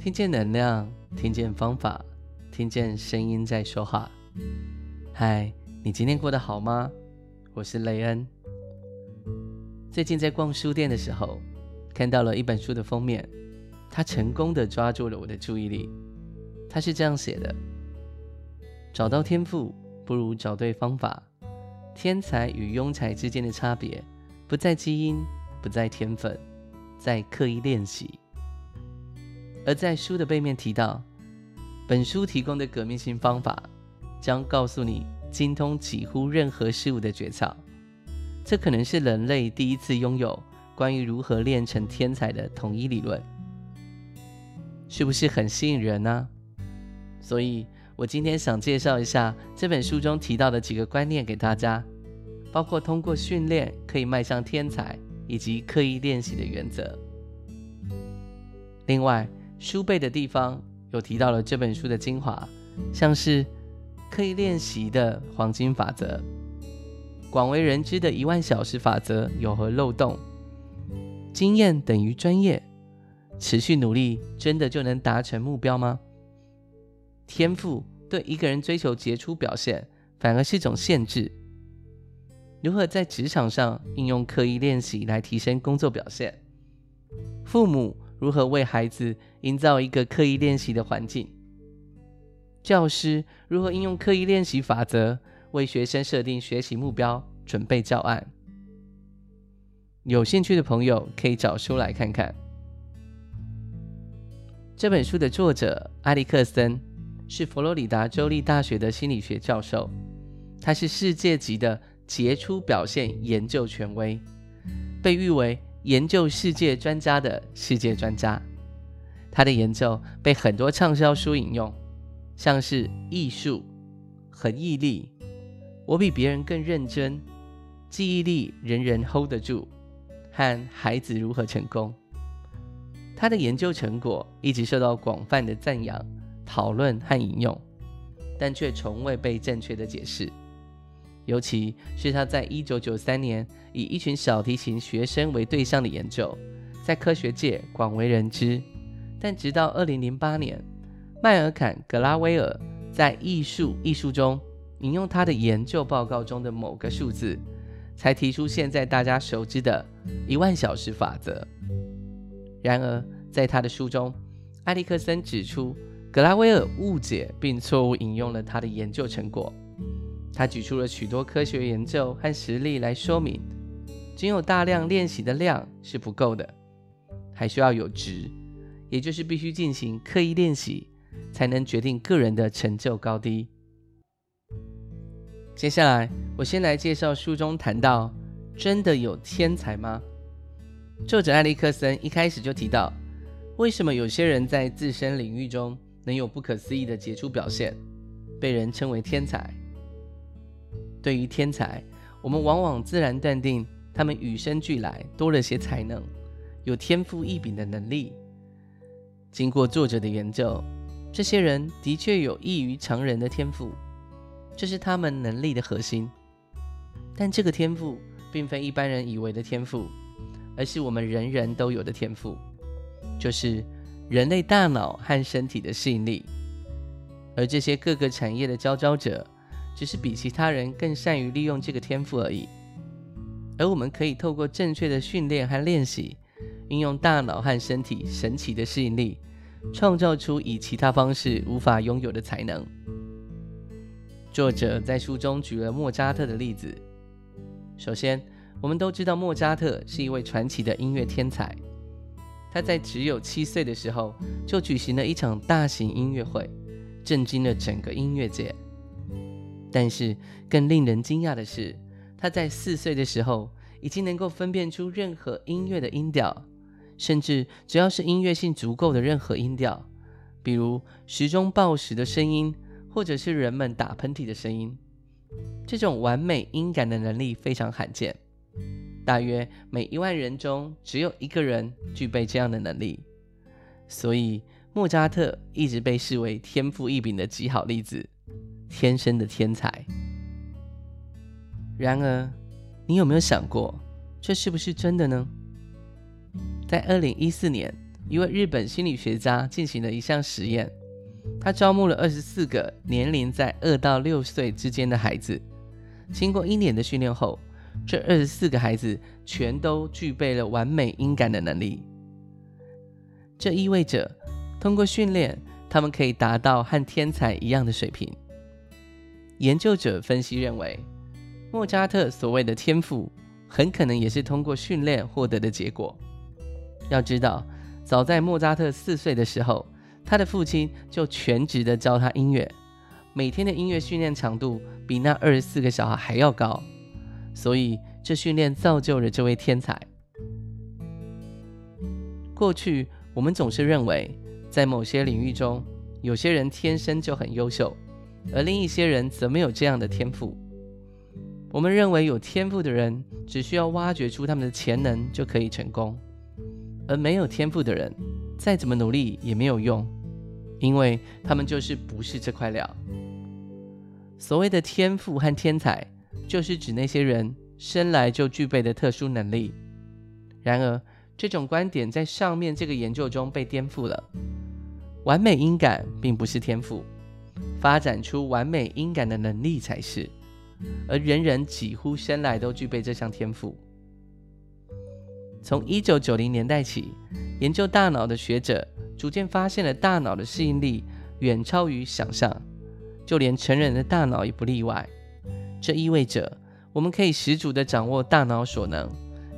聽見能量，聽見方法，聽見聲音在說話。嗨，你今天過得好嗎？我是雷恩。最近在逛書店的時候，看到了一本書的封面，它成功地抓住了我的注意力。它是這樣寫的：找到天賦，不如找對方法。天才與庸才之間的差別，不在基因，不在天分，在刻意練習。而在書的背面提到，本書提供的革命性方法，將告訴你精通幾乎任何事物的訣竅。這可能是人類第一次擁有關於如何練成天才的統一理論，是不是很吸引人呢、啊？所以，我今天想介紹一下這本書中提到的幾個觀念給大家，包括通過訓練可以邁向天才，以及刻意練習的原則。另外。書背的地方有提到了這本書的精華，像是刻意練習的黃金法則、廣為人知的一萬小時法則有何漏洞？經驗等於專業？持續努力真的就能達成目標嗎？天賦對一個人追求傑出表現反而是一種限制？如何在職場上應用刻意練習來提升工作表現？父母？如何為孩子營造一個刻意練習的環境？教師如何應用刻意練習法則為學生設定學習目標、準備教案？有興趣的朋友可以找書來看看。這本書的作者埃里克森是佛羅里達州立大學的心理學教授，他是世界級的傑出表現研究權威，被譽為。研究世界專家的世界專家，他的研究被很多暢銷書引用，像是異數和恆毅力，我比別人更認真，記憶力人人 hold 得住，和孩子如何成功。他的研究成果一直受到廣泛的讚揚、討論和引用，但卻從未被正確的解釋。尤其是他在1993年以一群小提琴學生為對象的研究，在科學界廣為人知。但直到2008年，麥爾坎·格拉威爾在《異數》一書中引用他的研究報告中的某個數字，才提出現在大家熟知的“一萬小時法則”。然而，在他的書中，埃里克森指出，格拉威爾誤解並錯誤引用了他的研究成果。他舉出了許多科學研究和實例來說明，僅有大量練習的量是不夠的，還需要有質，也就是必須進行刻意練習，才能決定個人的成就高低。接下來，我先來介紹書中談到：真的有天才嗎？作者艾利克森一開始就提到，為什麼有些人在自身領域中能有不可思議的傑出表現，被人稱為天才。對於天才，我們往往自然斷定他們與生俱來多了些才能，有天賦異稟的能力。經過作者的研究，這些人的確有異於常人的天賦，這是他們能力的核心。但這個天賦並非一般人以為的天賦，而是我們人人都有的天賦，就是人類大腦和身體的吸引力適應力。而這些各個產業的佼佼者，只是比其他人更善於利用這個天賦而已，而我們可以透過正確的訓練和練習，運用大腦和身體神奇的適應力，創造出以其他方式無法擁有的才能。作者在書中舉了莫扎特的例子。首先，我們都知道莫扎特是一位傳奇的音樂天才，他在只有七歲的時候就舉行了一場大型音樂會，震驚了整個音樂界。但是更令人驚訝的是，他在四歲的時候已經能夠分辨出任何音樂的音調，甚至只要是音樂性足夠的任何音調，比如時鐘報時的聲音，或者是人們打噴嚏的聲音。這種完美音感的能力非常罕見，大約每一萬人中只有一個人具備這樣的能力。所以，莫扎特一直被視為天賦異稟的極好例子。天生的天才。然而，你有沒有想過，這是不是真的呢？在二零一四年，一位日本心理學家進行了一項實驗。他招募了二十四個年齡在二到六歲之間的孩子。經過一年的訓練後，這二十四個孩子全都具備了完美音感的能力。這意味着，通過訓練，他們可以達到和天才一樣的水平。研究者分析認為，莫扎特所謂的天賦，很可能也是通過訓練獲得的結果。要知道，早在莫扎特四歲的時候，他的父親就全職的教他音樂，每天的音樂訓練強度比那二十四個小孩還要高，所以這訓練造就了這位天才。過去，我們總是認為，在某些領域中，有些人天生就很優秀。而另一些人則沒有這樣的天賦。我們認為有天賦的人只需要挖掘出他們的潛能就可以成功，而沒有天賦的人再怎麼努力也沒有用，因為他們就是不是這塊料。所謂的天賦和天才，就是指那些人生來就具備的特殊能力。然而，這種觀點在上面這個研究中被顛覆了。完美音感並不是天賦。發展出完美音感的能力才是，而人人幾乎生來都具備這項天賦。從1990年代起，研究大腦的學者逐漸發現了大腦的適應力遠超於想象，就連成人的大腦也不例外。這意味着我們可以十足的掌握大腦所能，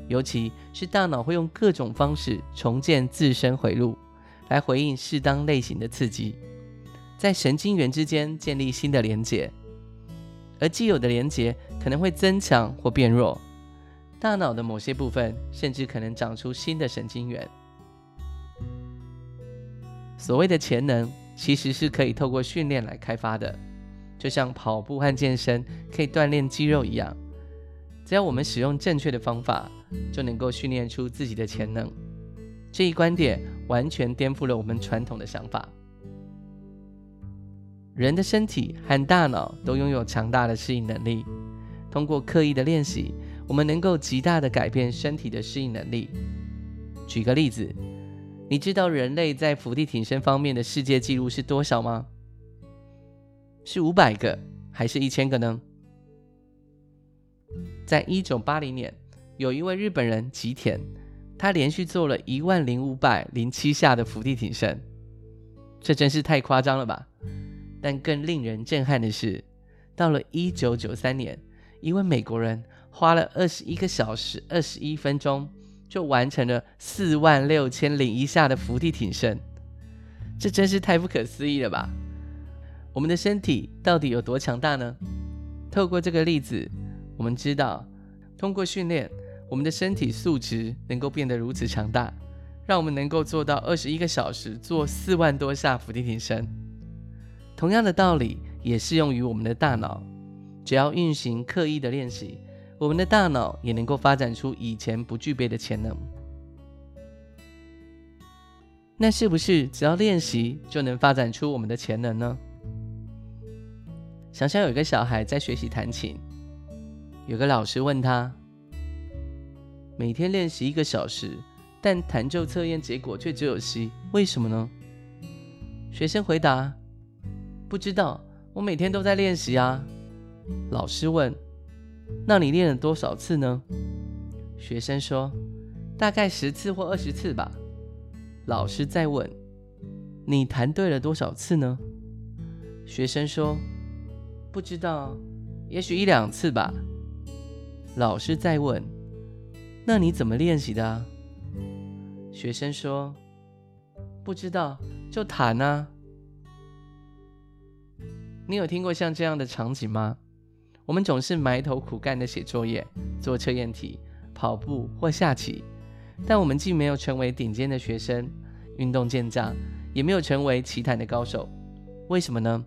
尤其是大腦會用各種方式重建自身回路，來回應適當類型的刺激。在神經元之間建立新的連接，而既有的連接可能會增強或變弱。大腦的某些部分甚至可能長出新的神經元。所謂的潛能其實是可以透過訓練來開發的，就像跑步和健身可以鍛鍊肌肉一樣。只要我們使用正確的方法，就能夠訓練出自己的潛能。這一觀點完全顛覆了我們傳統的想法。人的身體和大腦都擁有強大的適應能力。通過刻意的練習，我們能夠極大的改變身體的適應能力。舉個例子，你知道人類在伏地挺身方面的世界紀錄是多少嗎？是五百個還是一千個呢？在一九八零年，有一位日本人吉田，他連續做了一萬零五百零七下的伏地挺身，這真是太誇張了吧！但更令人震撼的是，到了一九九三年，一位美國人花了二十一個小時二十一分鐘，就完成了四萬六千零一下的伏地挺身。這真是太不可思議了吧？我們的身體到底有多強大呢？透過這個例子，我們知道，通過訓練，我們的身體素質能夠變得如此強大，讓我們能夠做到二十一個小時做四萬多下伏地挺身。同樣的道理也適用於我們的大腦，只要運行刻意的練習，我們的大腦也能夠發展出以前不具備的潛能。那是不是只要練習就能發展出我們的潛能呢？想想有個小孩在學習彈琴，有個老師問他，每天練習一個小時，但彈奏測驗結果卻只有 C，為什麼呢？學生回答。不知道，我每天都在練習啊。老師問：“那你練了多少次呢？”學生說：“大概十次或二十次吧。”老師再問：“你彈對了多少次呢？”學生說：“不知道，也許一兩次吧。”老師再問：“那你怎麼練習的啊？”學生說：“不知道，就彈啊。”你有聽過像這樣的場景嗎？我們總是埋頭苦幹地寫作業、做測驗題、跑步或下棋，但我們既沒有成為頂尖的學生、運動健將，也沒有成為棋壇的高手。為什麼呢？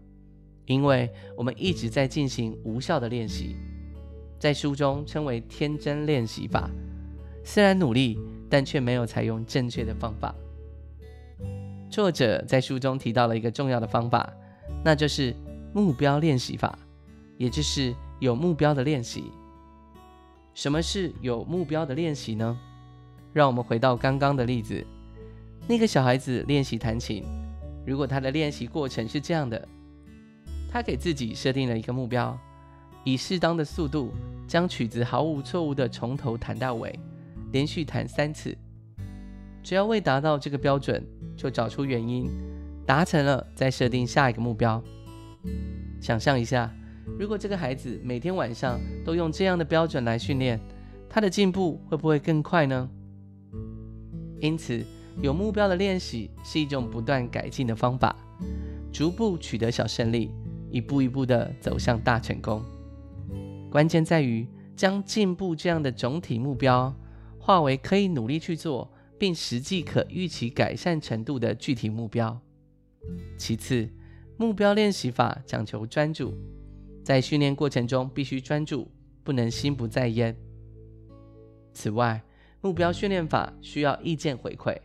因為我們一直在進行無效的練習，在書中稱為“天真練習法”。雖然努力，但卻沒有採用正確的方法。作者在書中提到了一個重要的方法，那就是。目標練習法，也就是有目標的練習。什麼是有目標的練習呢？讓我們回到剛剛的例子，那個小孩子練習彈琴。如果他的練習過程是這樣的，他給自己設定了一個目標：以適當的速度，將曲子毫無錯誤地從頭彈到尾，連續彈三次。只要未達到這個標準，就找出原因；達成了，再設定下一個目標。想象一下，如果這個孩子每天晚上都用這樣的標準來訓練，他的進步會不會更快呢？因此，有目標的練習是一種不斷改進的方法，逐步取得小勝利，一步一步的走向大成功。關鍵在於將進步這樣的總體目標化為可以努力去做，並實際可預期改善程度的具體目標。其次，目標練習法講求專注，在訓練過程中必須專注，不能心不在焉。此外，目標訓練法需要意見回饋。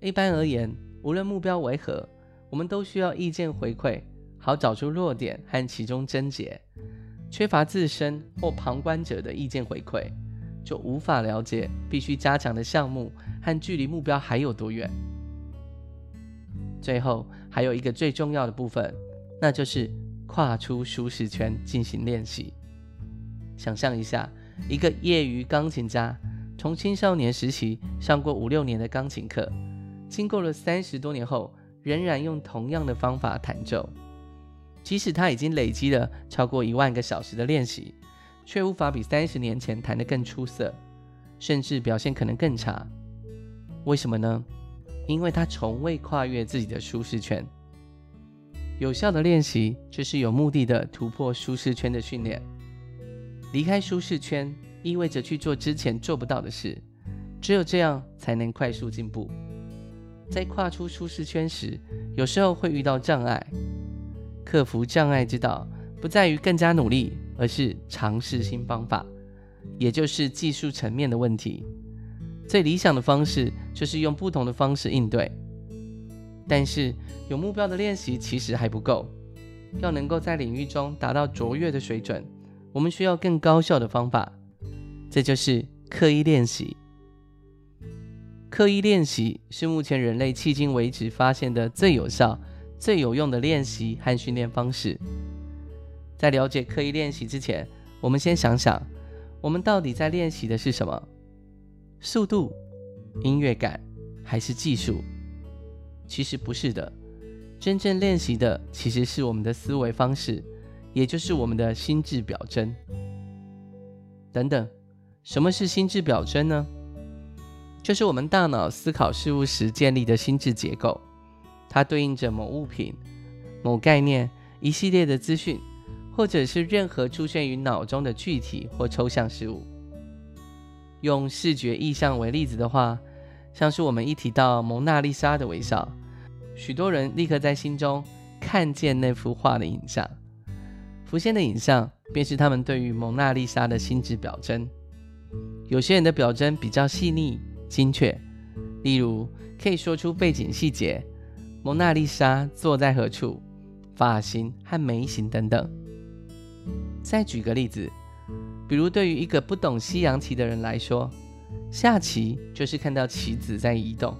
一般而言，無論目標為何，我們都需要意見回饋，好找出弱點和其中症結。缺乏自身或旁觀者的意見回饋，就無法了解必須加強的項目和距離目標還有多遠。最後，還有一個最重要的部分，那就是跨出舒適圈進行練習。想象一下，一個業餘鋼琴家，從青少年時期上過五六年的鋼琴課，經過了三十多年後，仍然用同樣的方法彈奏，即使他已經累積了超過一萬個小時的練習，卻無法比三十年前彈得更出色，甚至表現可能更差。為什麼呢？因為他從未跨越自己的舒適圈。有效的練習就是有目的的突破舒適圈的訓練。離開舒適圈意味着去做之前做不到的事，只有這樣才能快速進步。在跨出舒適圈時，有時候會遇到障礙。克服障礙之道不在於更加努力，而是嘗試新方法，也就是技術層面的問題。最理想的方式就是用不同的方式應對，但是有目標的練習其實還不夠。要能夠在領域中達到卓越的水準，我們需要更高效的方法。這就是刻意練習。刻意練習是目前人類迄今為止發現的最有效、最有用的練習和訓練方式。在了解刻意練習之前，我們先想想，我們到底在練習的是什麼？速度、音樂感還是技術？其實不是的，真正練習的其實是我們的思維方式，也就是我們的心智表徵。等等，什麼是心智表徵呢？就是我們大腦思考事物時建立的心智結構，它對應着某物品、某概念、一系列的資訊，或者是任何出現於腦中的具體或抽象事物。用視覺意象為例子的話，像是我們一提到蒙娜麗莎的微笑，許多人立刻在心中看見那幅畫的影像，浮現的影像便是他們對於蒙娜麗莎的心智表徵。有些人的表徵比較細膩精確，例如可以說出背景細節，蒙娜麗莎坐在何處，髮型和眉形等等。再舉個例子。比如，對於一個不懂西洋棋的人來說，下棋就是看到棋子在移動；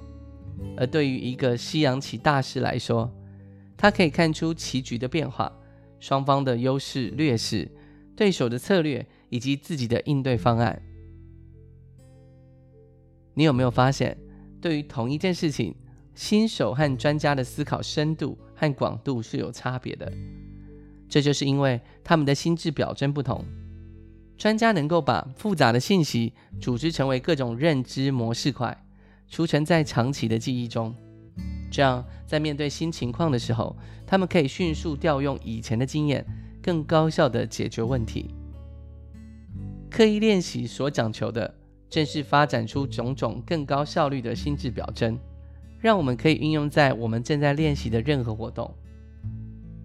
而對於一個西洋棋大師來說，他可以看出棋局的變化、雙方的優勢劣勢、對手的策略以及自己的應對方案。你有沒有發現，對於同一件事情，新手和專家的思考深度和廣度是有差別的？這就是因為他們的心智表徵不同。專家能夠把複雜的信息組織成為各種認知模式塊，儲存在長期的記憶中。這樣，在面對新情況的時候，他們可以迅速調用以前的經驗，更高效地解決問題。刻意練習所講求的，正是發展出種種更高效率的心智表徵，讓我們可以運用在我們正在練習的任何活動。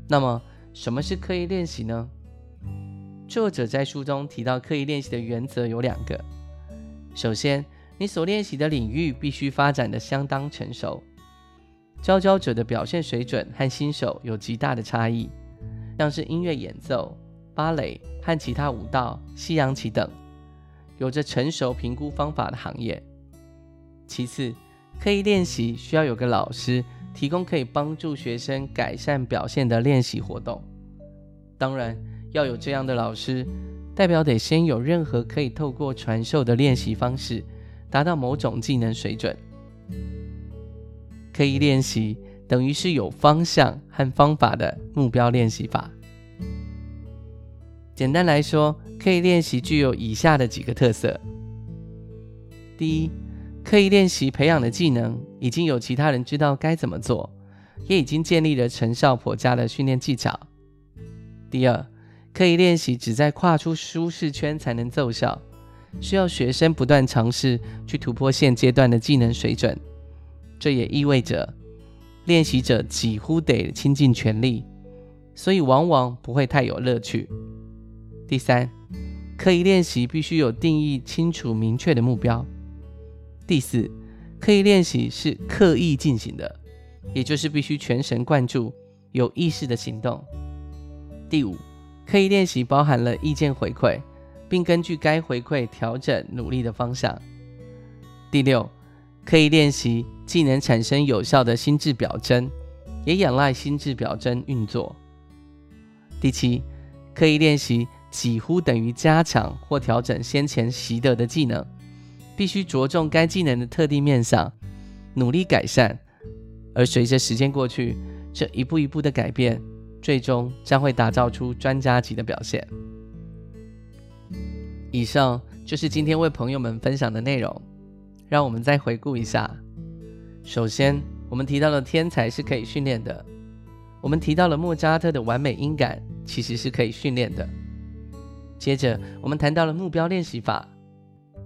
那麼，什麼是刻意練習呢？作者在書中提到，刻意練習的原則有兩個：首先，你所練習的領域必須發展的相當成熟，佼佼者的表現水準和新手有極大的差異，像是音樂演奏、芭蕾和其他舞蹈、西洋棋等，有着成熟評估方法的行業；其次，刻意練習需要有個老師提供可以幫助學生改善表現的練習活動。當然，要有這樣的老師，代表得先有任何可以透過傳授的練習方式，達到某種技能水準。刻意練習等於是有方向和方法的目標練習法。簡單來說，刻意練習具有以下的幾個特色：第一，刻意練習培養的技能已經有其他人知道該怎麼做，也已經建立了成效頗佳的訓練技巧。第二。刻意練習只在跨出舒適圈才能奏效，需要學生不斷嘗試去突破現階段的技能水準。這也意味着練習者幾乎得傾盡全力，所以往往不會太有樂趣。第三，刻意練習必須有定義清楚明確的目標。第四，刻意練習是刻意進行的，也就是必須全神貫注、有意識的行動。第五。刻意練習包含了意見回饋，並根據該回饋調整努力的方向。第六，刻意練習既能產生有效的心智表徵，也仰賴心智表徵運作。第七，刻意練習幾乎等於加強或調整先前習得的技能，必須着重該技能的特定面向，努力改善，而隨着時間過去，這一步一步的改變，最終將會打造出專家級的表現。以上就是今天為朋友們分享的內容。讓我們再回顧一下：首先，我們提到了天才是可以訓練的；我們提到了莫扎特的完美音感，其實是可以訓練的。接着，我們談到了目標練習法，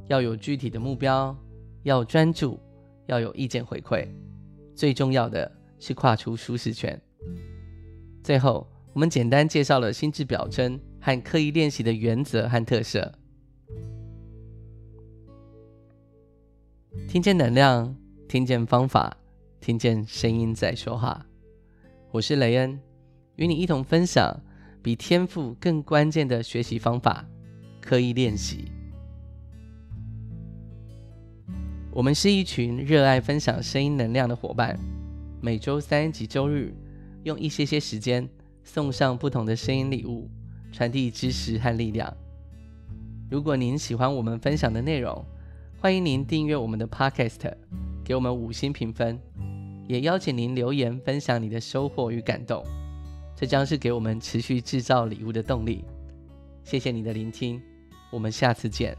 要有具體的目標，要專注，要有意見回饋，最重要的是跨出舒適圈。最後，我們簡單介紹了心智表徵和刻意練習的原則和特色。聽見能量，聽見方法，聽見聲音在說話。我是雷恩，與你一同分享比天賦更關鍵的學習方法——刻意練習。我們是一群熱愛分享聲音能量的夥伴，每周三及周日。用一些些時間送上不同的聲音禮物，傳遞知識和力量。如果您喜歡我們分享的內容，歡迎您訂閱我們的 Podcast，給我們五星評分，也邀請您留言分享你的收穫與感動。這將是給我們持續制造禮物的動力。謝謝你的聆聽，我們下次見。